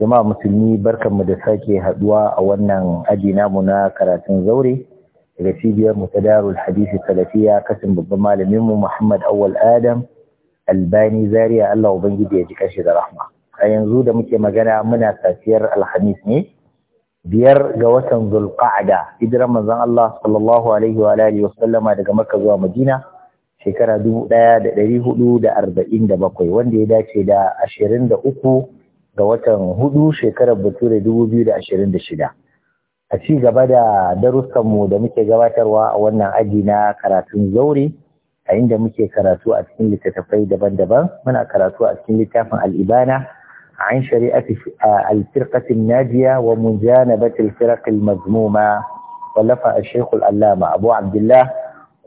jama'a musulmi barkanmu da sake haduwa a wannan aji namu na karatun zaure daga cibiyar mu ta darul hadisi salafiya kasin babban malamin mu Muhammad Awwal Adam Albani Zaria Allah ubangiji ya ji kashi da rahma a yanzu da muke magana muna safiyar Alhamis ne biyar ga watan Zulqa'da hijiran manzon Allah sallallahu alaihi wa alihi wa sallama daga Makka zuwa Madina shekara bakwai wanda ya dace da ashirin da uku. ga watan hudu shekarar bature 2026 a ci gaba da darussanmu da muke gabatarwa a wannan aji na karatun zauri a inda muke karatu a cikin littattafai daban-daban muna karatu a cikin littafin al'ibana عن شريعة الفرقة الناجية ومجانبة الفرق المذمومة ولف الشيخ الألامة أبو عبد الله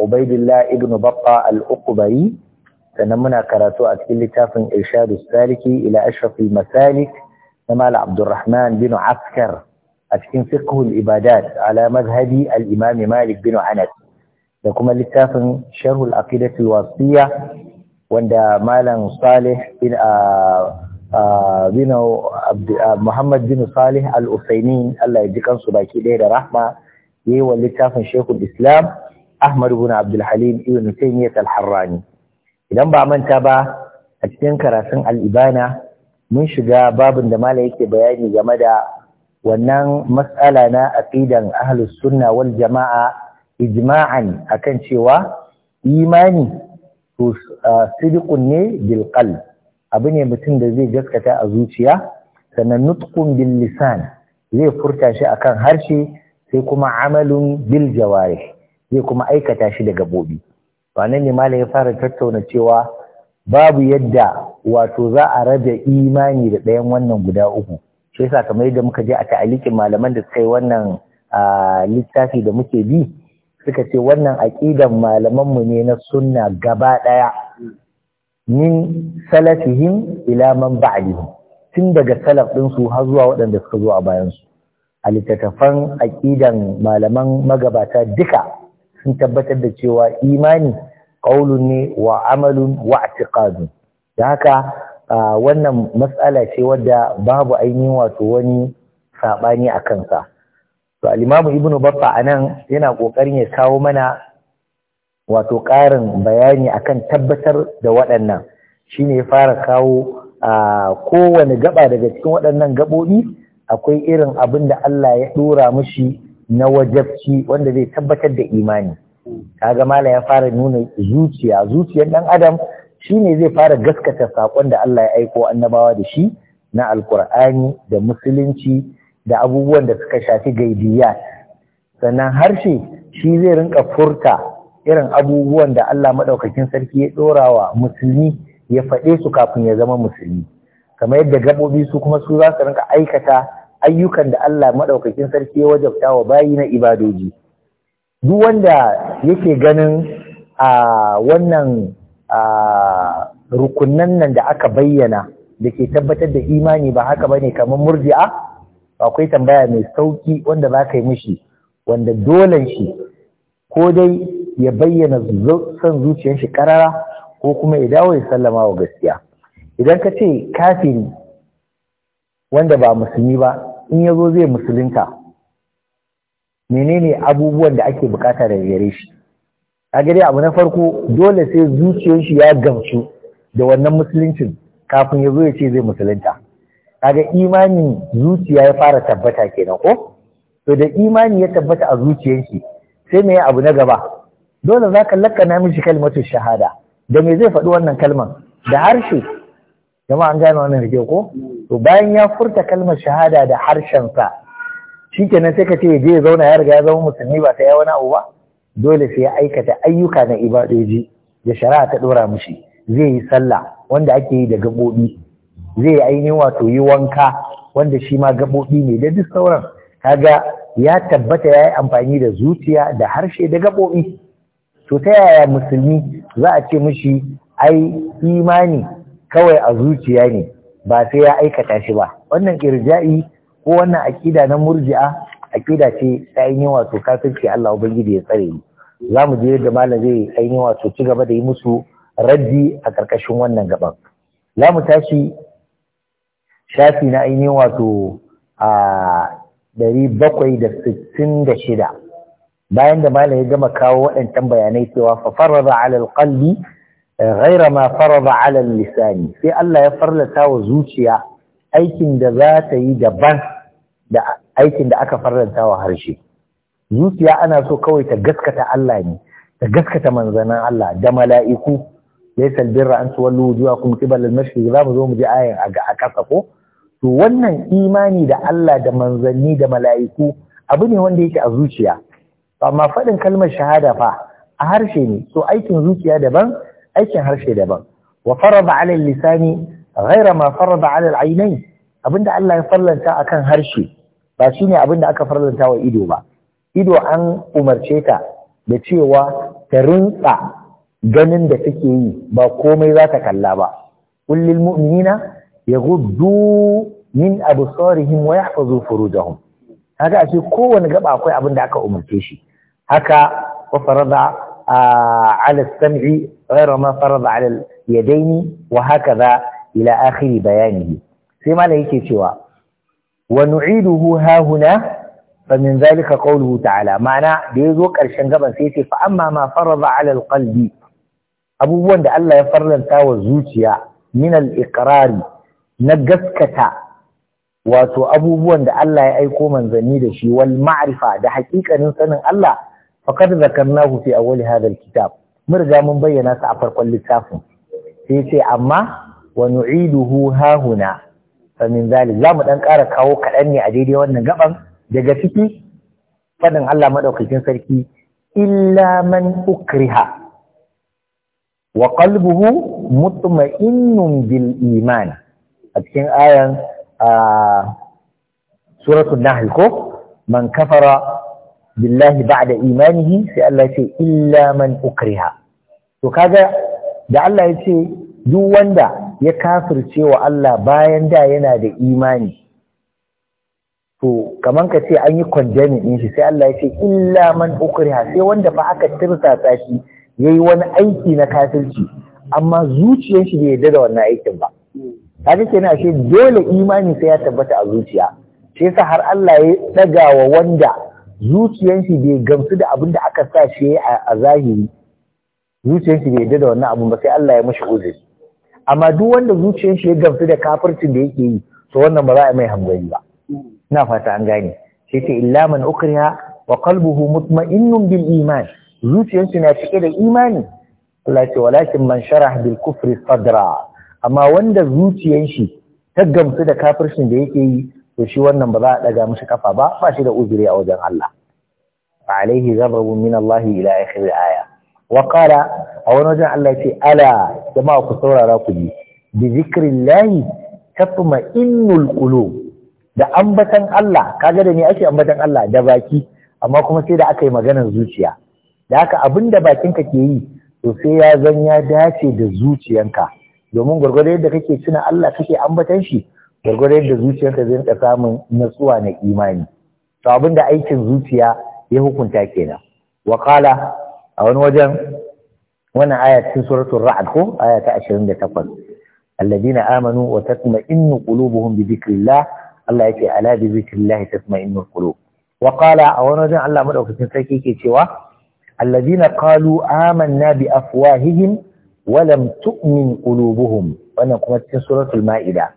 عبيد الله ابن بطة الأقبري sannan muna karatu a cikin littafin irshadu saliki ila ashrafil masalik na mala abdurrahman bin askar a cikin fiqhul ibadat ala mazhabi al-imam malik bin anas da kuma littafin sharhul aqidatul wasiyya wanda malam salih bin bin muhammad bin salih al-usaini Allah ya ji kansu baki ɗaya da rahma yayi wa littafin shekul islam ahmad bin abdul halim ibn taymiyyah al-harrani idan ba manta ba a cikin karatun al'ibana mun shiga babin da mala yake bayani game da wannan matsala na aqidan ahlus sunna wal jama'a ijma'an akan cewa imani to sidiqun ne bil qalb abu ne mutum da zai gaskata a zuciya sannan nutqun bil lisan zai furta shi akan harshe sai kuma amalun bil jawarih zai kuma aikata shi da gabobi to ne malam ya fara tattauna cewa babu yadda wato za a rabe imani da ɗayan wannan guda uku shi yasa kamar yadda muka je a ta'alikin malaman da suka yi wannan littafi da muke bi suka ce wannan aqidan malamanmu ne na sunna gaba ɗaya min salafihim ila man ba'dihim tun daga salaf din su har zuwa waɗanda suka zo a bayan su a littattafan aqidan malaman magabata duka sun tabbatar da cewa imani ƙaulun ne wa amalin wa atiqadun da haka wannan matsala ce wadda babu ainihin wato wani saɓani a kansa to alimamu ibnu baffa nan yana ƙoƙarin ya kawo mana wato ƙarin bayani akan tabbatar da waɗannan shine ya fara kawo a kowane gaba daga cikin waɗannan gaɓoɓi akwai irin abin da Allah ya ɗora mushi na wajabci wanda zai tabbatar da imani kaga mala ya fara nuna zuciya zuciyar dan adam shine zai fara gaskata saƙon da Allah ya aiko annabawa da shi na alkur'ani da musulunci da abubuwan da suka shafi gaidiya sannan harshe shi zai rinka furta irin abubuwan da Allah madaukakin sarki ya dora musulmi ya faɗe su kafin ya zama musulmi kamar yadda gabobi su kuma su za su rinka aikata ayyukan da Allah madaukakin sarki ya wajabta wa bayi na ibadoji duk wanda yake ganin a wannan rukunan nan da aka bayyana da ke tabbatar da imani ba haka bane kamar murji'a akwai tambaya mai sauki wanda za ka yi mishi wanda dolen shi ko dai ya bayyana son zuciyar shi karara ko kuma ya dawo ya sallama wa gaskiya idan ka ce kafiri wanda ba musulmi ba in ya zo zai musulunta menene abubuwan da ake bukata da gare shi a gare abu na farko dole sai zuciyar shi ya gamsu da wannan musuluncin kafin ya zo ya ce zai musulunta kaga imanin zuciya ya fara tabbata kenan ko to da imani ya tabbata a zuciyar shi sai me abu na gaba dole za ka lakana mishi kalmatu shahada da me zai faɗi wannan kalman da harshe jama'a gane wannan rike ko to bayan ya furta kalmar shahada da harshensa shi kenan sai ka ce je ya zauna ya riga ya zama musulmi ba ta yi wani abu ba dole sai ya aikata ayyuka na ibadoji da shari'a ta ɗora mushi zai yi sallah wanda ake yi da gaɓoɓi zai yi ainihin wato yi wanka wanda shi ma gaɓoɓi ne da duk sauran kaga ya tabbata ya yi amfani da zuciya da harshe da gaɓoɓi to ta yaya musulmi za a ce mushi ai imani kawai a zuciya ne ba sai ya aikata shi ba wannan irja'i ko wannan akida na murji'a akida ce ta ainihin wato kafirci Allah ubangiji ya tsare mu za mu je da malam zai ainihin wato ci gaba da yi musu raddi a ƙarƙashin wannan gaban za mu tashi shafi na ainihin wato a ɗari bakwai da sittin da shida bayan da malam ya gama kawo waɗancan bayanai cewa fa farada alal qalbi eh, ghaira ma farada alal lisani sai Allah ya farlata wa zuciya aikin da za ta yi daban da aikin da aka faranta wa harshe zuciya ana so kawai ta gaskata Allah ne ta gaskata manzanan Allah da mala'iku laysa albirra an tuwallu wujuhakum qibala al-mashriq za mu zo mu ji ayan a kasa ko to wannan imani da Allah da manzanni da mala'iku abu ne wanda yake a zuciya amma faɗin kalmar shahada fa a harshe ne so aikin zuciya daban aikin harshe daban wa farada ala lisani ghaira ma farada ala al abinda Allah ya farlanta akan harshe ba shi ne abin da aka farlanta wa ido ba ido an umarce ta da cewa ta rinsa ganin da take yi ba komai za ta kalla ba kullil mu'minina yaghuddu min absarihim wa yahfazu furujahum haka ashe kowane gaba akwai abin da aka umarce shi haka wa farada ala sam'i ghayra ma farada ala yadaini wa hakaza ila akhiri bayanihi sai malai yake cewa wa nu'iduhu ha huna fa min zalika qawluhu ta'ala ma'ana da zo karshen gaban sai ce fa amma ma farada abubuwan da Allah ya farlanta wa zuciya min al-iqrari na gaskata wato abubuwan da Allah ya aiko manzanni da shi wal ma'rifa da haƙiƙanin sanin Allah faqad zakarnahu fi awwal hadha al-kitab mun riga mun bayyana su a farkon littafin sai ce amma wa nu'iduhu ha huna min zali za mu dan ƙara kawo kaɗan ne a daidai wannan gaban daga ciki faɗin Allah madaukakin sarki illa man ukriha wa qalbuhu mutma'innun bil iman a cikin ayan suratul nahl ko man kafara billahi ba'da imanihi sai Allah ya ce illa man ukriha to kaga da Allah ya ce duk wanda ya kafirce wa Allah bayan da yana da imani to kamar ka ce an yi condemning shi sai Allah ya ce illa man ukriha sai wanda fa aka tirsasa shi yi wani aiki na kafirci amma zuciyar shi bai yarda da wannan aikin ba kaga na ashe dole imani sai ya tabbata a zuciya Sai sa har Allah ya ɗaga wa wanda zuciyar shi bai gamsu da abin da aka sa shi a zahiri zuciyar shi bai yarda da wannan abun ba sai Allah ya mashi uzuri amma duk wanda zuciyar shi ya gamsu da kafircin da yake yi to wannan ba za a mai hangari ba ina fata an gane sai illa man ukriha wa qalbuhu mutma'innun bil iman zuciyar shi na cike da imani Allah ce walakin man sharah bil kufri sadra amma wanda zuciyar shi ta gamsu da kafircin da yake yi to shi wannan ba za a daga mishi kafa ba ba shi da uzuri a wajen Allah fa alaihi ghadabun min Allah ila akhir aya wa a wani wajen Allah ce ala jama'a ku saurara ku ji bi zikrillahi tatma innul qulub da ambatan Allah kaga da ne ake ambatan Allah da baki amma kuma sai da aka yi maganar zuciya da haka abin da bakinka ke yi to sai ya zan ya dace da zuciyanka domin gwargwado yadda kake tuna Allah kake ambatan shi gwargwado yadda zuciyanka zai rika samun natsuwa na imani to abin da aikin zuciya ya hukunta kenan wa a wani wajen wannan aya cikin suratul ra'd ko aya ta 28 alladina amanu wa tatma'innu qulubuhum bi dhikrillah Allah yake ala bi dhikrillah tatma'innul qulub wa qala a wani wajen Allah madaukakin sarki yake cewa alladina qalu amanna bi afwahihim wa lam tu'min qulubuhum wannan kuma cikin suratul ma'ida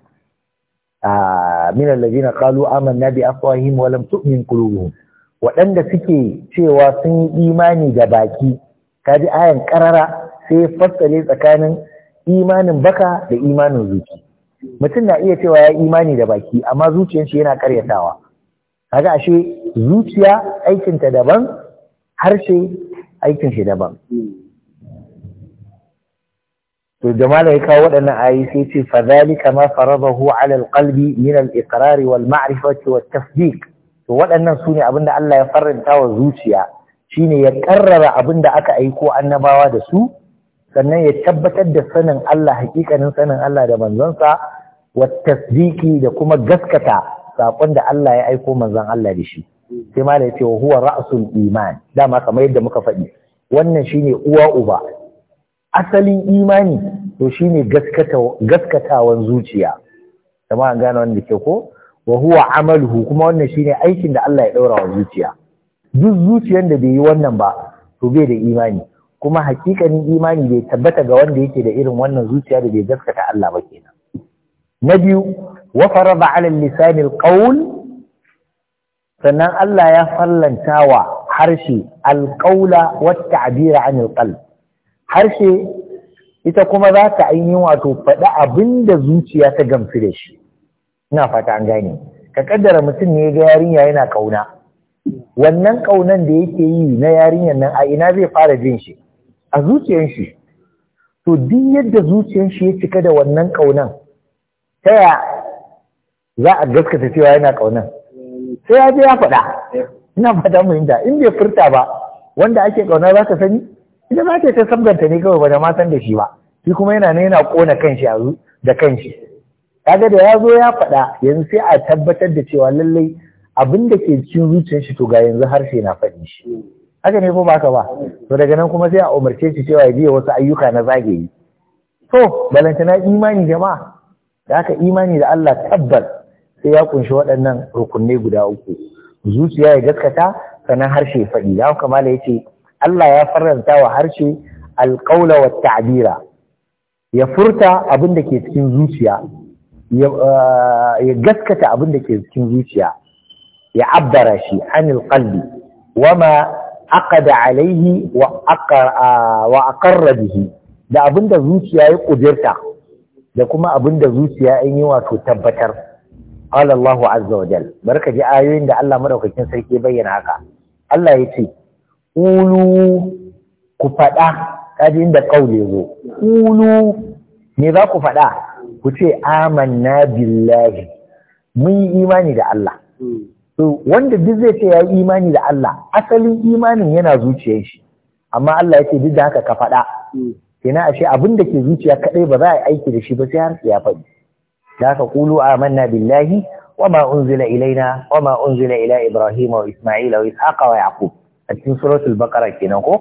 ah, min alladina qalu amanna bi afwahihim wa lam tu'min qulubuhum waɗanda suke cewa sun yi imani da baki kaji ayan karara sai fassale tsakanin imanin baka da imanin zuci mutum na iya cewa ya yi imani da baki amma zuciyar shi yana karyatawa kaga ashe zuciya aikinta daban harshe aikin shi daban to ya malai kawo waɗannan ayi sai ce fa zalika ma faradahu ala alqalbi min al-iqrar wal ma'rifati wat tasdiq to waɗannan su ne abin da Allah ya faranta wa zuciya shine ya karrara abin da aka aiko annabawa da su sannan ya tabbatar da sanin Allah hakikanin sanin Allah da manzonsa wa tasdiki da kuma gaskata sakon da Allah ya aiko manzon Allah da shi sai ma da ce wa huwa ra'sul iman dama kamar yadda muka faɗi wannan shine uwa uba asalin imani to shine gaskata gaskatawan zuciya jama'a gane wanda ke ko wa huwa amaluhu kuma wannan shine aikin da Allah ya daura wa zuciya duk zuciyar da bai yi wannan ba to bai da imani kuma hakikanin imani bai tabbata ga wanda yake da irin wannan zuciya da bai gaskata Allah ba kenan na biyu wa farada ala lisan alqawl sannan Allah ya fallanta wa harshe alqaula wa ta'bira an alqalb harshe ita kuma za ta ainihin wato faɗi abinda zuciya ta gamsu da shi ina fata an gane ka kaddara mutum ne ga yarinya yana kauna wannan kaunan da yake yi na yarinyar nan a ina zai fara jin shi a zuciyar shi to duk yadda zuciyar shi ya cika da wannan kaunan ta ya za a gaskata cewa yana kaunan sai ya je ya faɗa ina fata inda in bai furta ba wanda ake kauna za ka sani Idan ba ta ta sabganta ne kawai ba da matan da shi ba shi kuma yana ne yana kona kanshi a da kanshi kaga da ya zo ya faɗa yanzu sai a tabbatar da cewa lallai abin da ke cikin zuciyar shi to ga yanzu harshe na faɗi shi haka ne ko baka ba to daga nan kuma sai a umarce shi cewa ya biya wasu ayyuka na zagaye to na imani jama'a da haka imani da Allah tabbas sai ya kunshi waɗannan rukunai guda uku zuciya ya gaskata sannan harshe faɗi da haka mala yace Allah ya faranta wa harshe alƙaula wa ta'bira ya furta abin da ke cikin zuciya Eh, ya gaskata abin da ke cikin zuciya ya abbara shi anil qalbi wama aqada alaihi eh, wa aqarra bihi da abin da zuciya ya kudirta da kuma abin da zuciya an yi wato tabbatar qala Allah azza wa jal barka ji ayoyin da Allah madaukakin sarki bayyana haka Allah ya ce ulu ku faɗa kaji inda kaule zo ulu me za ku faɗa ku ce amanna billahi mun yi imani da Allah to wanda duk zai ce ya yi imani da Allah asalin imanin yana zuciyar shi amma Allah ya ce duk da haka ka faɗa kenan ashe abin da ke zuciya kadai ba za a aiki da shi ba sai har ya faɗi da haka qulu amanna billahi wa ma unzila ilaina wa ma unzila ila ibrahima wa isma'ila wa ishaqa wa yaqub a cikin suratul baqara kenan ko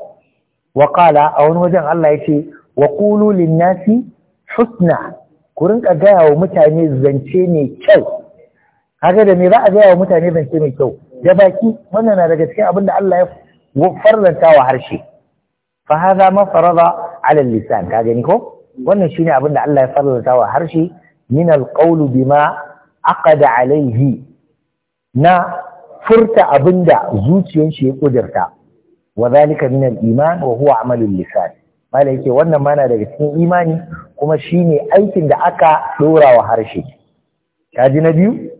wa qala a wani wajen Allah ya ce wa qulu lin nasi husna Wurin ka gaya wa mutane zance mai kyau haka da me za a gaya wa mutane zance mai kyau da baki wannan na daga cikin abin da Allah ya farlanta wa harshe fa hadha ma farada ala lisan ka gani ko wannan shine abin da Allah ya farlanta wa harshe min alqawl bima aqada alaihi na furta abinda zuciyar shi ya kudirta wa zalika min aliman wa huwa amalul lisan malai yake wannan mana daga cikin imani kuma shi ne aikin da aka dora wa harshe kaji na biyu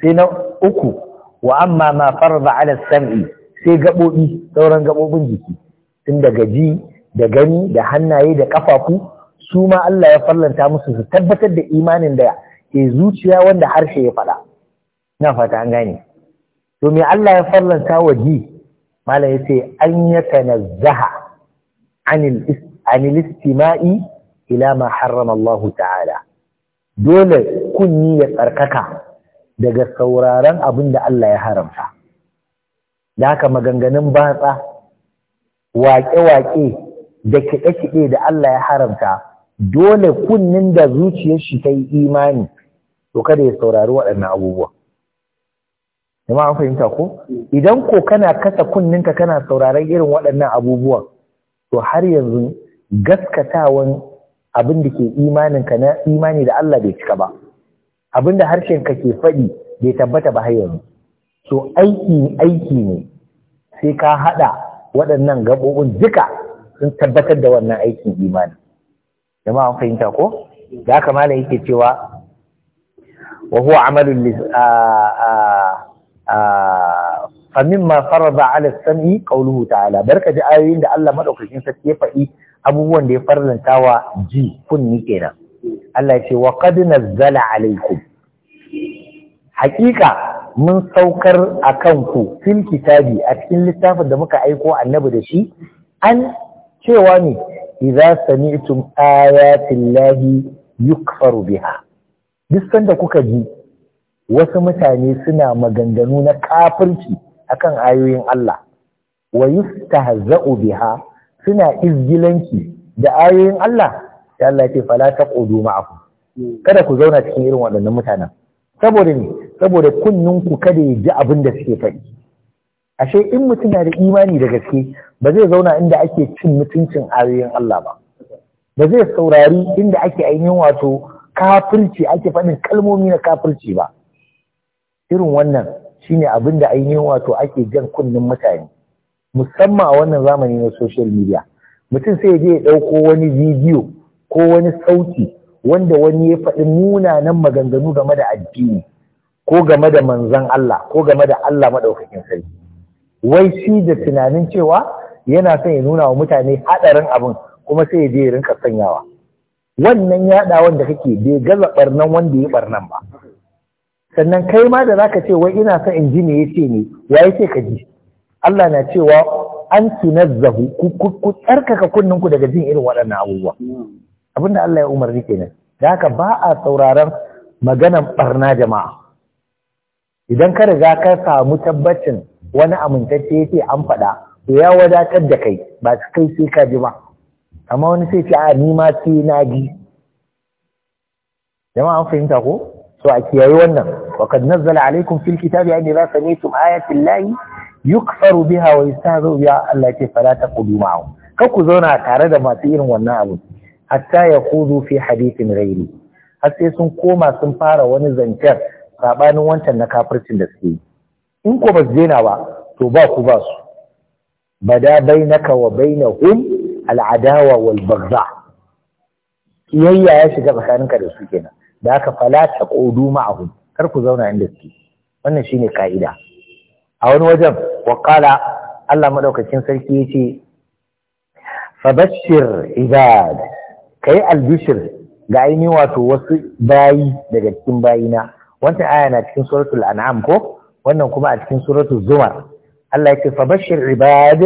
sai na uku wa amma ma farza ala sam'i sai gabobi sauran gabobin jiki tun daga ji da gani da hannaye da ƙafafu, su ma Allah ya fallanta musu su tabbatar da imanin da ke zuciya wanda harshe ya faɗa na fata an gane to me Allah ya fallanta wa ji malam yace an nazzaha anil istima'i ila ma harrama Allah ta'ala dole kunni ya tsarkaka daga sauraron abin da Allah ya haramta da haka maganganun batsa waƙe-waƙe da kiɗe-kiɗe da Allah ya haramta dole kunnin da zuciyar shi ta yi imani to kada ya saurari waɗannan abubuwa jama'a an fahimta ko idan ko kana kasa kunninka kana sauraron irin waɗannan abubuwan to har yanzu gaskatawan abin da ke imaninka na imani da Allah bai cika ba abin da harshenka ke faɗi bai tabbata ba har yanzu so aiki aiki ne sai ka haɗa waɗannan gaɓoɓin duka sun tabbatar da wannan aikin imani jama'a an fahimta ko da haka malam yake cewa wa huwa amalul فمما فرض ala sani kauluhu تعالى barka ji ayoyin da Allah madaukakin sarki faɗi abubuwan da ya farlantawa ji kunni kenan Allah ya ce wa qad nazzala alaikum haƙiƙa mun saukar akan ku fil kitabi a cikin littafin da muka aiko annabi da shi an cewa ne idza sami'tum ayatillahi yukfaru biha duk sanda kuka ji wasu mutane suna maganganu na kafirci akan ayoyin Allah wa yustahza'u biha suna izgilanki da ayoyin Allah sai Allah ya fala taqudu ma'ahu kada ku zauna cikin irin waɗannan mutanen saboda ne saboda ku kada ya ji abin da suke faɗi ashe in mutum na da imani da gaske ba zai zauna inda ake cin mutuncin ayoyin Allah ba ba zai saurari inda ake ainihin wato kafirci ake faɗin kalmomi na kafirci ba irin wannan shine abin da ainihin wato ake jan kunnen mutane musamman a wannan zamani na social media mutum sai je ya ɗauko wani bidiyo ko wani sauti wanda wani ya faɗi munanan maganganu game da addini ko game da manzan Allah ko game da Allah maɗaukakin sarki wai shi da tunanin cewa yana son ya nuna wa mutane haɗarin abin kuma sai ya je ya rinka sanyawa wannan yaɗawan da kake bai gaza ɓarnan wanda ya ɓarnan ba sannan kai ma da zaka ce wai ina son in ji me yace ne wa yace ka ji Allah na cewa an tunazzahu ku tsarkaka kunnen ku daga jin irin waɗannan abubuwa abinda Allah ya umarni kenan da haka ba a sauraron maganan barna jama'a idan ka riga ka samu tabbacin wani amintacce yace an faɗa to ya wadatar da kai ba su kai sai ka ji ba amma wani sai ce a ni ma sai na ji jama'a an fahimta ko to a kiyaye wannan wa nazzala alaikum fil kitabi an idza sami'tum ayati llahi yukfaru biha wa yastahzu biha Allah ce fala ta ma'ahu kar ku zauna tare da masu irin wannan abu hatta yaqudu fi hadithin ghairi har sai sun koma sun fara wani zancen sabanin wancan na kafircin da suke in ko ba su ba to ba ku ba su bada bainaka wa bainahum al'adawa wal baghdha kiyayya ya shiga tsakaninka da su kenan da aka fala ta ƙodu ma'ahu kar ku zauna inda suke wannan shine ka'ida a wani wajen waƙala Allah maɗaukacin sarki yace ce fabashir ibad ka yi albishir ga ainihin wato wasu bayi daga cikin bayina Wata aya na cikin suratul an'am ko wannan kuma a cikin suratul zumar Allah ya ce fabashir ibad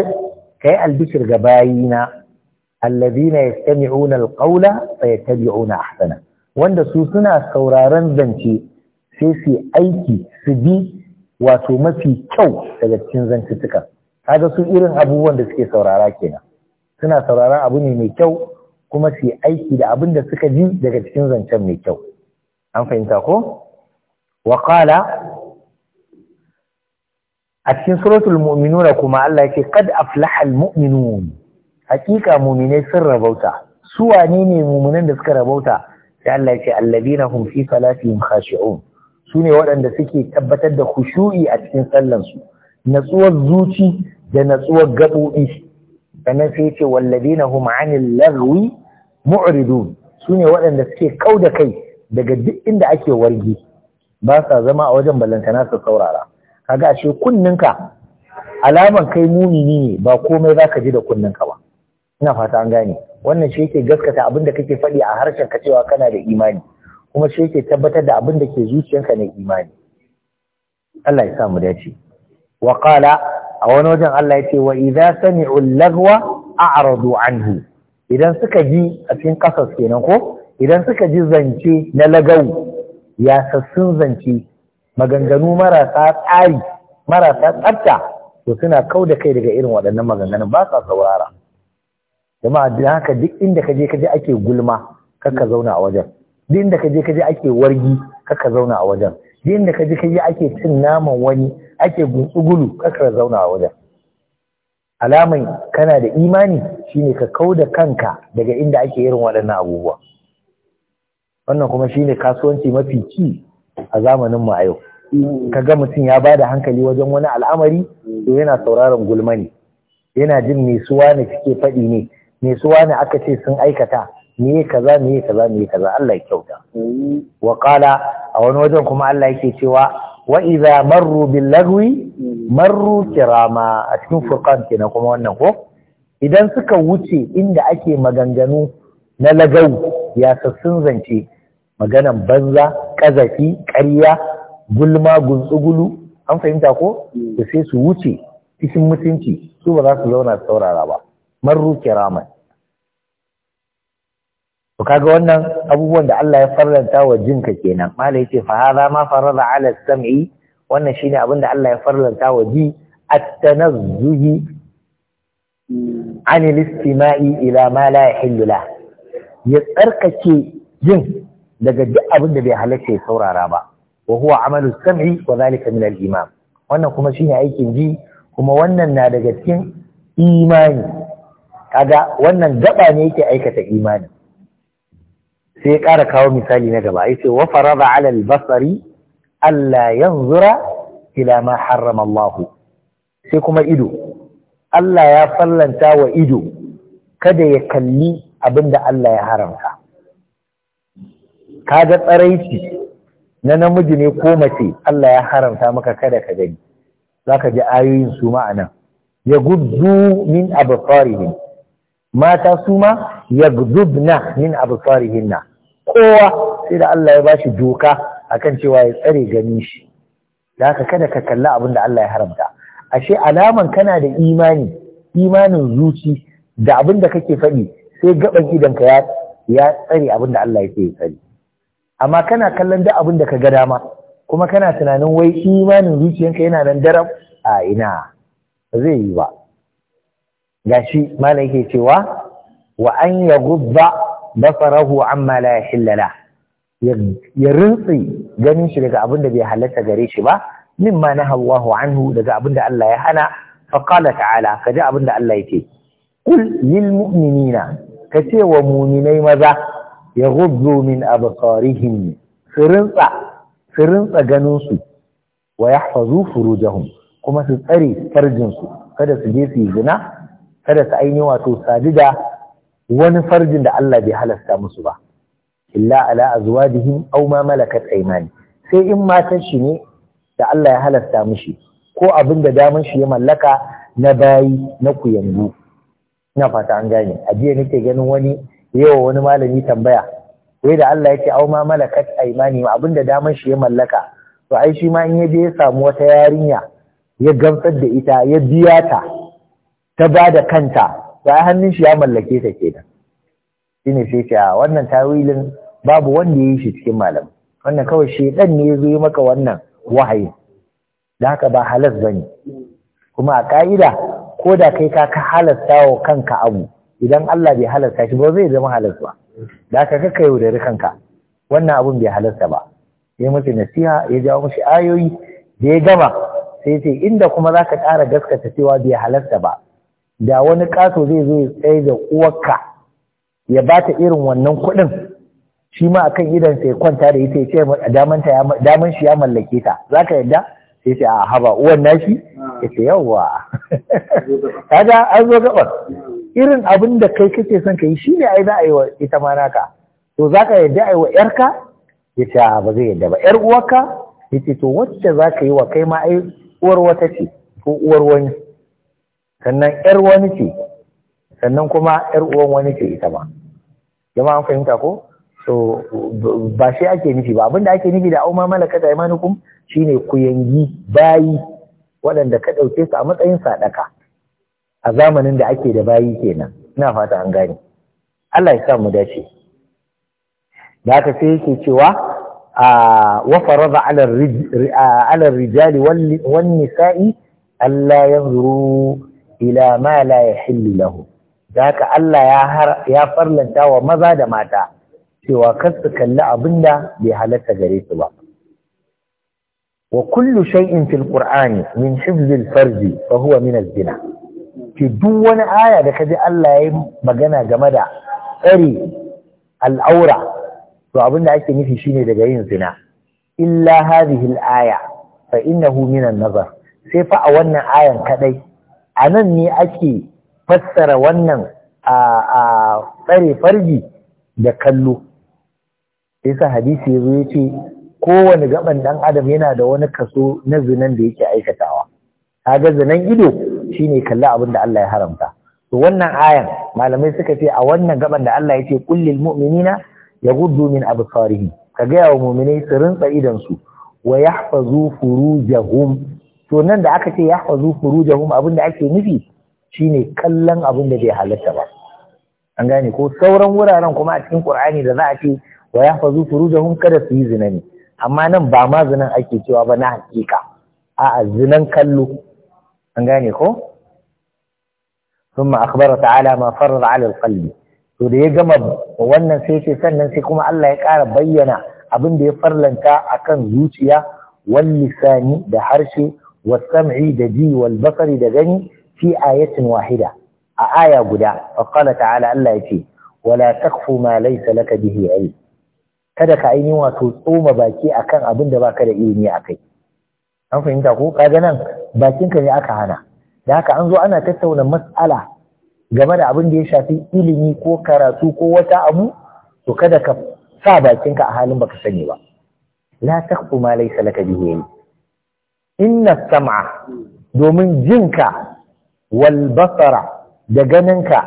ka yi albishir ga bayina allazina yastami'una alqawla fayattabi'una ahsana wanda su suna sauraron zance sai su aiki su bi wato mafi kyau daga cikin zantuttukan kaga su irin abubuwan da suke saurara kenan suna saurara abu ne mai kyau kuma su aiki da abin da suka ji daga cikin zancen mai kyau an fahimta ko wa qala a cikin suratul muminuna kuma Allah yake kad aflaha mu'minun hakika mu'minai sun rabauta su wane ne mu'minan da suka rabauta sai Allah ce alladina hum fi salatihim khashi'un sune waɗanda suke tabbatar da khushu'i a cikin sallan su natsuwar zuci da natsuwar gabobi sannan sai ya ce walladina hum 'anil lagwi mu'ridun sune waɗanda suke kauda kai daga duk inda ake wargi ba sa zama a wajen ballantana su saurara kaga ashe kunninka alaman kai mumini ne ba komai zaka ji da kunninka ba ina fata an gane wannan shi yake gaskata abin da kake faɗi a harshen ka cewa kana da imani kuma shi yake tabbatar da abin da ke zuciyanka ne imani Allah ya sa mu dace wa qala a wani wajen Allah ya ce wa idza sami'u lagwa a'radu anhu idan suka ji a cikin kasas kenan ko idan suka ji zance na lagau ya sassun zance maganganu marasa tsari marasa tsafta to suna kau da kai daga irin waɗannan maganganun ba sa saurara jama'a da haka duk inda ka je ka je ake gulma kakka hmm. zauna a wajen duk inda ka je ka je ake wargi kakka zauna a wajen duk inda ka je ka je ake cin naman wani ake guntsugulu kakka zauna a wajen Alamai kana da imani shine ka da kanka daga inda ake irin waɗannan abubuwa wannan kuma shine kasuwanci mafi ci a zamanin mu a yau hmm. Ka ga mutum ya bada hankali wajen wani al'amari to yana sauraron gulma ne yana jin me suwa ne suke faɗi ne me su wani aka ce sun aikata me kaza me kaza me kaza Allah ya kyauta wa qala a wani wajen kuma Allah yake cewa wa idza marru bil lagwi marru kirama a cikin furqan kenan kuma wannan ko idan suka wuce inda ake maganganu na lagau ya sassun zance maganan banza kazafi ƙarya gulma guntsugulu an fahimta ko da sai su wuce cikin mutunci su ba za su zauna su saurara ba marru kiraman to kaga wannan abubuwan da Allah ya farlanta wa jinka kenan malai ce fa hadha ma farada ala sam'i wannan shine abin da Allah ya farlanta wa ji at-tanazzuhi an al-istima'i ila ma la yahillu la ya tsarkake jin daga duk abin da bai halarta ya saurara ba wa huwa amalu sam'i wa zalika min al wannan kuma shine aikin ji kuma wannan na daga cikin imani kaga wannan gaba ne yake aikata imani sai ya ƙara kawo misali na gaba yace wa farada ala al-basari yanzura ila ma harrama Allah sai kuma ido Allah ya fallanta wa ido kada ya kalli abinda Allah ya haramta kaga tsaraici na namiji ne ko mace Allah ya haramta maka kada ka gani zaka ji ayoyin su ma'ana ya gudu min absarihim mata su ma ya abu min na. kowa sai da Allah ya bashi doka akan cewa ya tsare gani shi da haka kada ka kalli abin da Allah ya haramta ashe alaman kana da imani imanin zuci da abin da kake faɗi sai gaban idanka ya ya tsare abin da Allah yake ya tsare amma kana kallon duk abin da ka ga dama kuma kana tunanin wai imanin zuciyanka yana nan daram a ina zai yi ba gashi malai yake cewa wa an yaghudda basarahu amma la yahillala ya rintsi ganin shi daga abin da bai halatta gare shi ba Min mimma nahallahu anhu daga abin da Allah ya hana fa qala ta'ala kaji abin da Allah yake kul lil mu'minina ce wa mu'minai maza ya yaghuddu min absarihim su rintsa su ganin su wa yahfazu furujahum kuma su tsare farjin su kada su je su yi zina kada su aini wato sadu da wani farjin da Allah bai halasta musu ba illa ala azwajihim aw ma malakat aymani sai in matan shi ne da Allah ya halasta mishi ko abin da daman shi ya mallaka na bayi na kuyangu ina fata an gane a jiya nake ganin wani yawa wani malami tambaya wai da Allah yake au ma malakat aymani abin da daman shi ya mallaka to ai shi ma in ya je ya samu wata yarinya ya gamsar da ita ya biya ta ta ba da kanta ga hannun shi ya mallake ta kenan ne sai ce wannan tawilin babu wanda ya yi shi cikin malam wannan kawai shedan ne zai zo maka wannan wahayi da haka ba halas bane kuma a ka'ida ko da kai ka ka halasta wa kanka abu idan Allah bai halasta shi ba zai zama halas ba da haka kai yaudari kanka wannan abun bai halasta ba ya mace nasiha ya jawo mashi ayoyi da ya gama sai ce inda kuma za ka ƙara gaskata cewa bai halasta ba da wani kaso zai zo ya tsaye da uwarka ya ba ta irin wannan kuɗin shi ma akan idan sai kwanta da ita ya ce daman shi ya mallake ta za ka yadda sai ce a haba uwan nashi ya ce yawwa kaga an zo gabar irin abin da kai kake son ka yi shi ne ai za a yi wa ita ma naka to za ka yadda a yi wa yarka ya ce ba zai yadda ba yar uwarka ya ce to wacce za ka yi wa kai ma ai uwar wata ce ko uwar wani sannan ‘yar wani ce sannan kuma ‘yar uwan wani ce ita ma jama'a an fahimta ko so ba shi ake nufi ba abinda ake nufi da auma malaka da imanukum shine ku yangi bayi waɗanda ka ɗauke su a matsayin sadaka a zamanin da ake da bayi kenan ina fata an gane Allah ya sa mu dace da haka sai yake cewa وفرض rijali الرجال والنساء ألا ينظروا ila ma la yahillu lahu haka Allah ya farlanta wa maza da mata cewa kar su kalli abinda bai halatta gare su ba wa kullu shay'in fil qur'ani min hifzil farji fa huwa min az-zina ki duk wani aya da ji Allah yayi magana game da tsari al'aura to abinda ake nufi shine daga yin zina illa hadhihi al-aya fa innahu min an-nazar sai fa a wannan ayan kadai a nan ne ake fassara wannan a tsare farji da kallo Isa hadisi yazo yace kowane gaban dan adam yana da wani kaso na zinan da yake aikatawa kaga zinan ido shine kalla abin da Allah ya haramta to wannan ayan malamai suka ce a wannan gaban da Allah ya ce kullil mu'minina ya gudu min abu absarihim ka gaya wa mu'minai su rinsa idan su wa yahfazu furujahum to nan da aka ce ya hazu furujahum abin da ake nufi shine kallon abin da bai halatta ba an gane ko sauran wuraren kuma a cikin Qur'ani da za a ce wa ya hazu furujahum kada su yi zina ne amma nan ba ma zinan ake cewa ba na hakika a'a zinan kallo an gane ko ثم أخبر تعالى ما فرض على القلب to da ya gama wannan sai ce sannan sai kuma Allah ya ƙara bayyana abin da ya farlanta akan zuciya wal lisani da harshe wasam'i da ji wal da gani fi ayatin wahida a aya guda fa qala ta'ala Allah yace wala takfu kada ka aini wato tsoma baki akan abin da baka da ilimi akai an fahimta ko kaga nan bakinka ne aka hana da haka an zo ana tattauna mas'ala game da abin da ya shafi ilimi ko karatu ko wata abu to kada ka sa bakinka a halin baka sani ba la takfu ma laysa laka bihi inna sam'a domin jinka wal basara da ganinka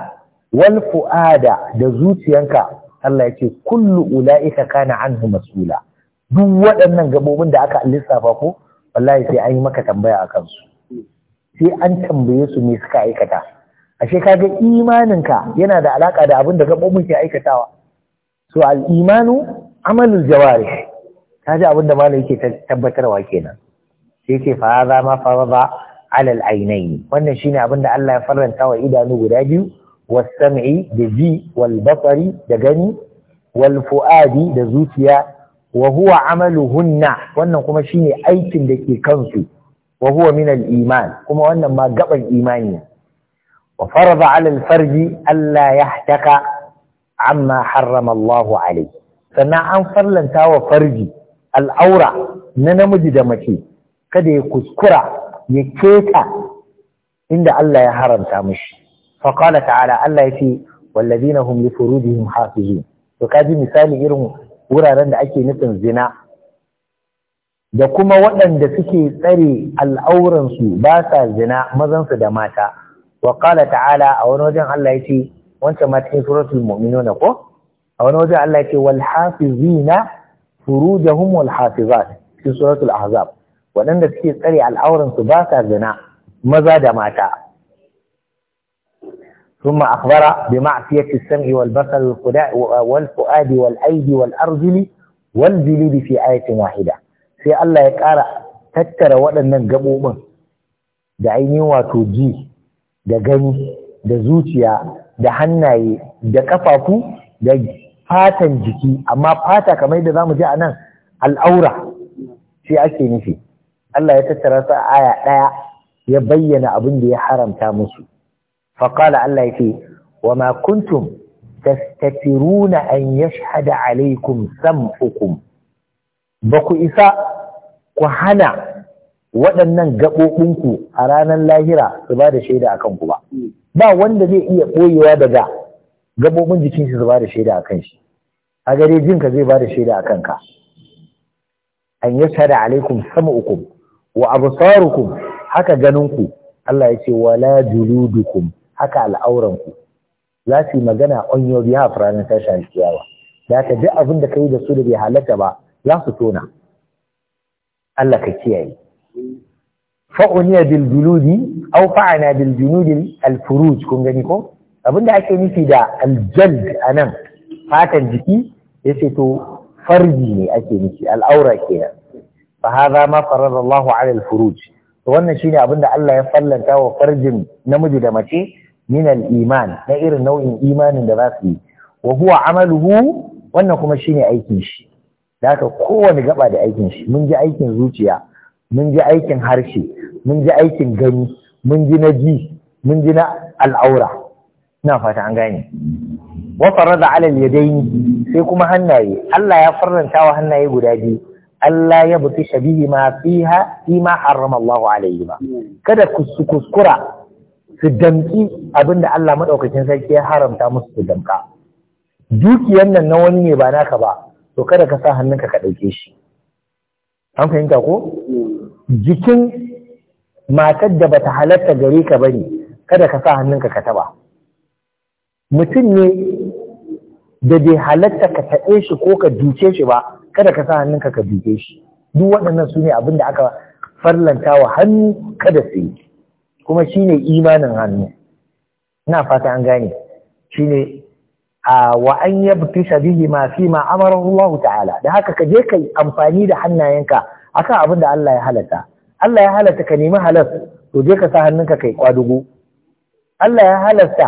wal fu'ada da zuciyanka Allah yake kullu ula'ika kana anhu mas'ula duk waɗannan gabobin da aka lissafa ko wallahi sai an yi maka tambaya a kansu sai an tambaye su me suka aikata ashe kaga imaninka yana da alaka da abin da gabobin ke aikatawa so al imanu amalul jawarih kaji abin da malai yake tabbatarwa kenan sai ce faraza hadha ma farada wannan shine abin da Allah ya faranta wa idanu guda biyu was sam'i da ji wal basari da gani wal fuadi da zuciya wa huwa amaluhunna wannan kuma shine aikin da ke kansu wa huwa min al-iman kuma wannan ma gaban imani wa farada alal farji alla yahtaka amma harrama Allah alayhi sannan an farlanta wa farji al'aura na namiji da mace kada ya kuskura ya keta inda Allah ya haramta mashi. fa ta'ala Allah yace wallazina hum li furujihim to kaji misali irin wuraren da ake nufin zina da kuma waɗanda suke tsare al'auransu ba sa zina mazansu da mata waƙala ta'ala a wani wajen Allah ce wancan ma cikin suratul mu'minuna ko a wani wajen Allah yace wal hafizina furujahum wal hafizat cikin suratul ahzab waɗanda suke tsare al'auransu basa sa zina maza da mata ثم أخبر بمعصية السمع والبصر والفؤاد والأيد والأرجل والجلود في آية واحدة sai Allah ya ƙara tattara waɗannan gaɓoɓin da ainihin wato ji da gani da zuciya da hannaye da ƙafafu da fatan jiki amma fata kamar da za mu ji a nan al'aura sai ake nufi Allah ya tattara su a aya ɗaya ya bayyana abin da ya haramta musu faƙala Allah ya ce wa ma kuntum tastatiruna an yashhada alaikum sam'ukum ba ku isa ku hana waɗannan gaɓoɓinku a ranar lahira su ba da shaida a kanku ba ba wanda zai iya ɓoyewa daga gaɓoɓin jikin shi su ba da shaida a kan shi a gare jinka zai ba da shaida a kanka an yashhada alaikum sam'ukum wa absarukum haka ganinku Allah ya ce wala juludukum haka al'auranku za su yi magana on your behalf ranar tashin kiyawa da ka duk abin da yi da su da bai halatta ba za su tona Allah ka kiyaye fa'uniya bil juludi aw fa'ana bil junudi al furuj kun gani ko Abin da ake nufi da al jald anan fatan jiki yace to farji ne ake nufi al'aura kenan fa hadha ma farada Allahu 'ala wannan shine abinda Allah ya fallanta wa farjin namiji da mace min al-iman na irin nau'in imanin da za su yi wa huwa amaluhu wannan kuma shine aikin shi da haka kowane gaba da aikin shi mun ji aikin zuciya mun ji aikin harshe mun ji aikin gani mun ji na ji mun ji na al'aura ina fata an gane wa farada ala al-yadayn sai kuma hannaye Allah ya faranta wa hannaye guda biyu Allah ya buki shabihi ma fiha fi ma harrama Allahu alaihi ba kada su kuskura su damki abinda Allah madaukakin sarki ya haramta musu su damka dukiyar nan na wani ne ba naka ba to kada ka sa hannunka ka ɗauke shi an fahimta ko jikin matar da bata halarta gare ka bane kada ka sa hannunka ka taba mutum ne da bai halarta ka taɓe shi ko ka duce shi ba kada ka sa hannunka ka duke shi duk waɗannan su ne abin da aka farlanta wa hannu kada su yi kuma shi ne imanin hannu na fata an gane shi ne a wa an yabti shabihi ma fi ma amara Allah ta'ala da haka ka je kai amfani da hannayenka akan abin da Allah ya halatta Allah ya halatta ka nemi halas to je ka sa hannunka kai kwadugo Allah ya halatta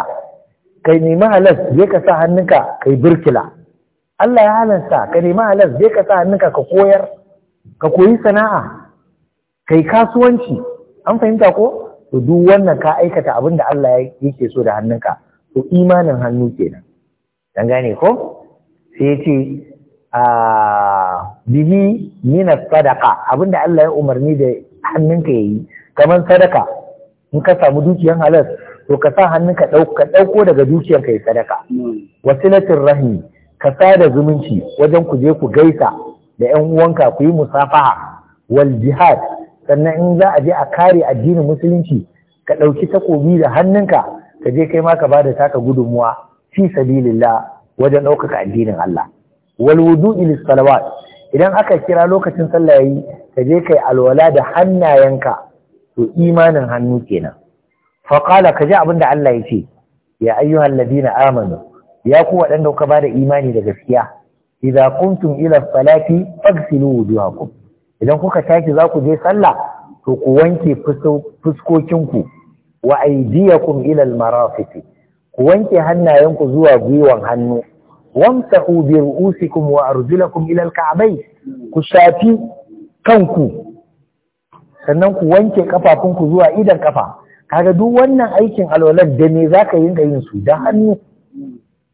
ka nemi halas je ka sa hannunka kai birkila Allah ya halarta ka nemi halar zai ka sa hannunka ka koyar ka koyi sana'a kai kasuwanci an fahimta ko to duk wannan ka aikata abin da Allah yake so da hannunka to imanin hannu kenan dan gane ko sai ce a ah, bihi min sadaqa abinda Allah ya umarni da hannunka yayi kamar sadaka in ka samu dukiyan halas to ka sa hannunka ka dauko daga dukiyar ka yi sadaka hmm. wasilatir rahmi. ka sada zumunci wajen ku je ku gaisa da ƴan uwanka ku yi musafaha wal jihad sannan in za a je a kare addinin musulunci ka ɗauki takobi da hannunka ka je kai ma ka bada taka gudunmuwa fi sabilillah wajen ɗaukaka addinin Allah wal wudu lis salawat idan aka kira lokacin sallah yayi ka je kai alwala da hannayenka to imanin hannu kenan fa qala ka ji abin da Allah ya ce ya ayyuhal ladina amanu ya ku waɗanda kuka ba da imani da gaskiya idza qumtum ila salati faghsilu wujuhakum idan kuka tashi za ku je sallah to ku wanke fuskokinku wa aydiyakum ila almarafiq ku wanke hannayenku zuwa gwiwan hannu wamsahu bi ru'usikum wa arjulakum ila alka'bayn ku shafi kanku sannan ku wanke kafafunku zuwa idan kafa kaga duk wannan aikin alwalar da ne zaka yinka yin su da hannu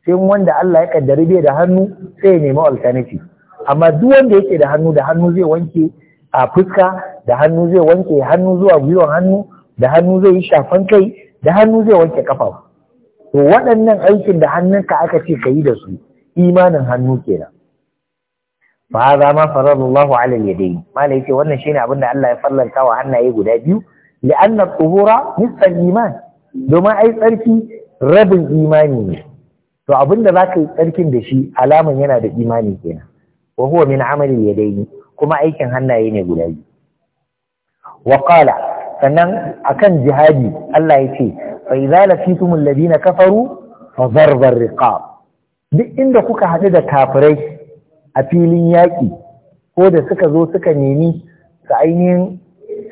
sai wanda Allah ya kaddari bai da hannu sai ya nemi alternative amma duk wanda yake da hannu da hannu zai wanke a fuska da hannu zai wanke hannu zuwa gwiwon hannu da hannu zai yi shafan kai da hannu zai wanke kafa to waɗannan aikin da hannunka aka ce ka yi da su imanin hannu kenan fa za ma faradallahu ala yadayhi mala yace wannan shi abin abinda Allah ya fallanta wa hannaye guda biyu li'anna tuhura nisfal iman domin ai tsarki rabin imani ne to abin da za ka yi tsarkin da shi alaman yana da imani kenan wa huwa min amali yadaini kuma aikin hannaye ne guda biyu wa qala sannan akan jihadi Allah ya ce fa idza lafitum alladhina kafaru fa darba riqab duk inda kuka haɗu da kafirai a filin yaƙi ko da suka zo suka nemi su ainihin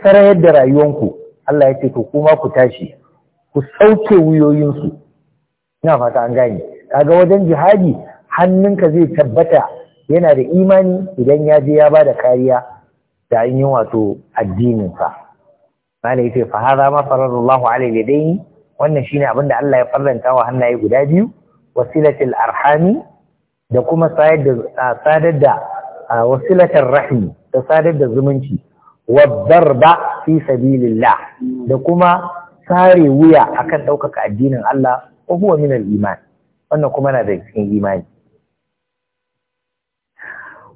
sarayar da rayuwanku Allah ya ce to kuma ku tashi ku sauke wuyoyinsu ina fata an gane kaga wajen jihadi hannunka zai tabbata yana da imani idan ya je ya ba da kariya da an yi wato addininsa mala yace fa haza ma faradallahu alaihi yadayni wannan shine abin da Allah ya farranta wa hannaye guda biyu wasilatul arhami da kuma sadar da wasilatul rahmi da sadar da zumunci wabbarba fi sabilillah da kuma sare wuya akan ɗaukaka addinin Allah ko huwa min al-iman wannan kuma na da cikin imani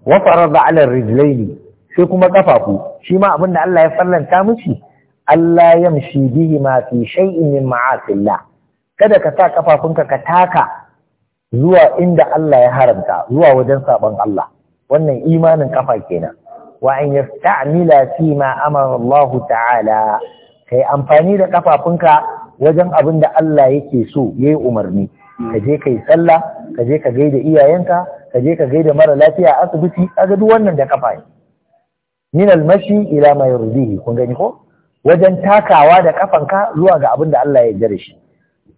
wa farada ala rijlaini sai kuma kafafu shi ma abinda Allah ya fallanta miki Allah yamshi bihi ma fi shay'in min ma'asillah kada ka sa kafafunka ka taka zuwa inda Allah ya haramta zuwa wajen saban Allah wannan imanin kafa kenan wa an yasta'mila fi ma amara Allah ta'ala kai amfani da kafafunka wajen abinda Allah yake so yayi umarni ka je ka yi sallah ka je ka gaida iyayenka ka je ka gaida mara lafiya a asibiti a duk wannan da kafa ne min almashi ila ma yurdihi kun gani ko wajen takawa da kafanka zuwa ga abin da Allah ya jira shi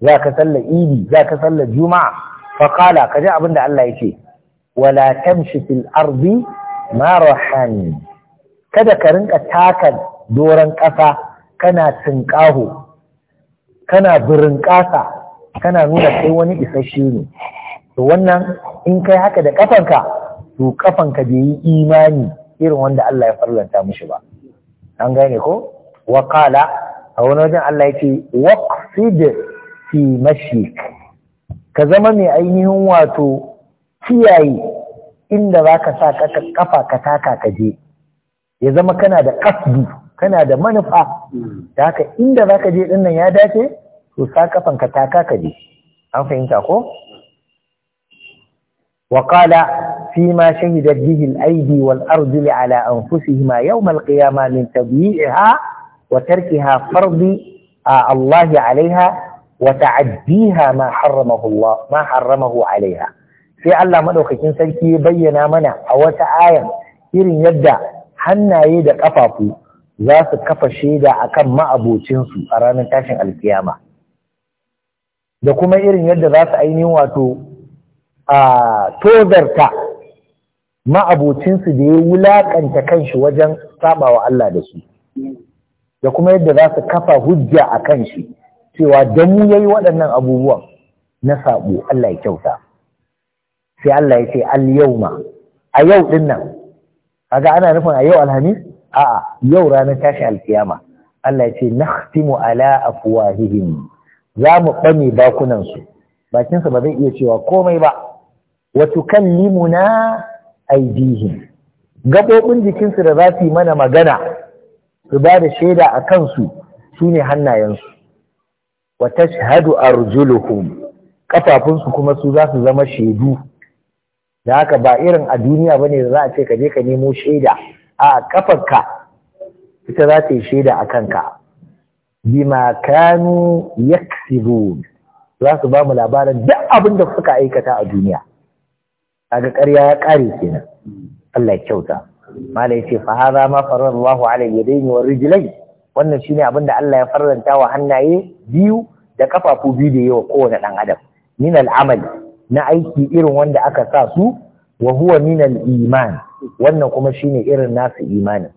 za ka sallar idi za ka sallar juma'a fa qala ka ji abin da Allah yake wala tamshi fil ardi marahan kada ka rinka taka doron ƙasa kana tinƙaho kana birin ƙasa kana nuna kai wani isasshe ne to wannan in kai haka da kafanka to kafanka bai yi imani irin wanda Allah ya farlanta mishi ba an gane ko wa qala a wani wajen Allah ya yake waqsid fi mashik ka zama mai ainihin wato kiyaye inda ka sa kafa ka taka ka je ya zama kana da kasbi kana da manufa da haka inda zaka je dinnan ya dace to sa kafan ka taka ka je an fahimta ko wa qala fi ma shahidat bihi wal arjuli ala anfusihima yawm al-qiyamah min tabi'iha wa tarkiha a Allah alaiha wa ta'addiha ma ma harramahu alaiha sai Allah madaukakin sarki ya bayyana mana a wata aya irin yadda hannaye da ƙafafu za su kafa shaida a kan ma'abocinsu a ranar tashin alkiyama da kuma irin yadda za su ainihin wato a tozarta ma'abocinsu da ya wulaƙanta kanshi wajen saɓawa Allah da su, da kuma yadda za su kafa hujja a kan shi cewa da mu yayi waɗannan abubuwan na saɓo Allah ya kyauta sai Allah ya ce al-yauma a yau din nan ga ana nufin a yau alhamis a'a yau ranar tashi alkiyama Allah ya ce nakhtimu ala afwahihim za mu ɓame bakunansu bakinsa ba zai iya cewa komai ba kan wa tukallimuna aidihim gaɓoɓin jikinsu da za su yi mana magana su ba da shaida a kansu su ne hannayensu Wata shahadu a arjuluhum kafafunsu kuma su za su zama shaidu da haka ba irin a duniya ba ne da za a ce ka je ka nemo shaida a ƙafarka ita za ta yi shaida a kanka bima kanu yaksibun za su ba mu labarin duk abin da suka aikata a duniya kaga ƙarya ya ƙare kenan Allah ya kyauta malai ce fa hadha ma farallahu ala yadayni wa rijlai wannan shine abin da Allah ya faranta wa hannaye biyu da kafafu biyu da yawa kowane dan adam min amali na aiki irin wanda aka sa su wa huwa min al-iman wannan kuma shine irin nasu imanin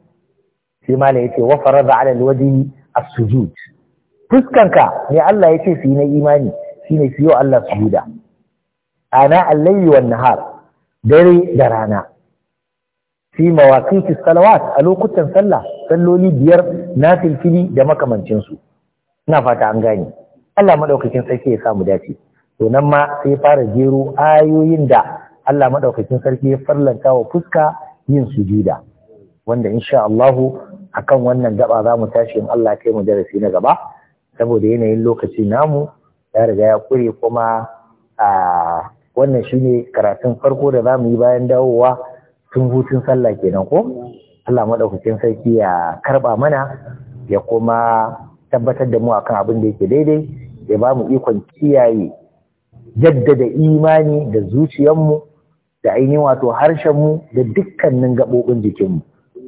sai malai ce wa farada ala al-wajhi A sujud fuskanka ne Allah ya ce su yi na imani shine su yi Allah sujuda ana al-layli wan nahar dare da rana fi mawaqiti salawat a lokutan sallah salloli biyar na filfili da makamancinsu. su ina fata an gane Allah maɗaukakin sarki ya samu dace to nan ma sai fara jero ayoyin da Allah maɗaukakin sarki ya farlanta wa fuska yin sujuda wanda insha Allahu akan wannan gaba za mu tashi in Allah kai mu darasi na gaba saboda yanayin lokaci namu ya riga ya kure kuma a wannan shine karatun farko da za mu yi bayan dawowa tun hutun sallah kenan ko Allah madaukakin sarki ya karɓa mana ya kuma tabbatar da mu akan abin da yake daidai ya ba mu ikon kiyaye jaddada imani da zuciyarmu da ainihin wato harshenmu da dukkanin gaɓoɓin jikinmu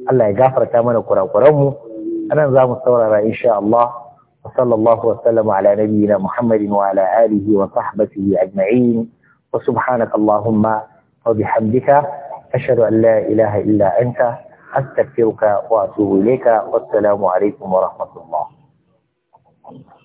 Allah ya gafarta mana kurakuranmu anan za mu saurara insha Allah wa sallallahu wa sallama ala nabiyyina Muhammadin wa ala alihi wa sahbatihi ajma'in wa subhanaka Allahumma wa bihamdika ashhadu an la ilaha illa anta astaghfiruka wa atubu ilayka wassalamu alaikum wa rahmatullah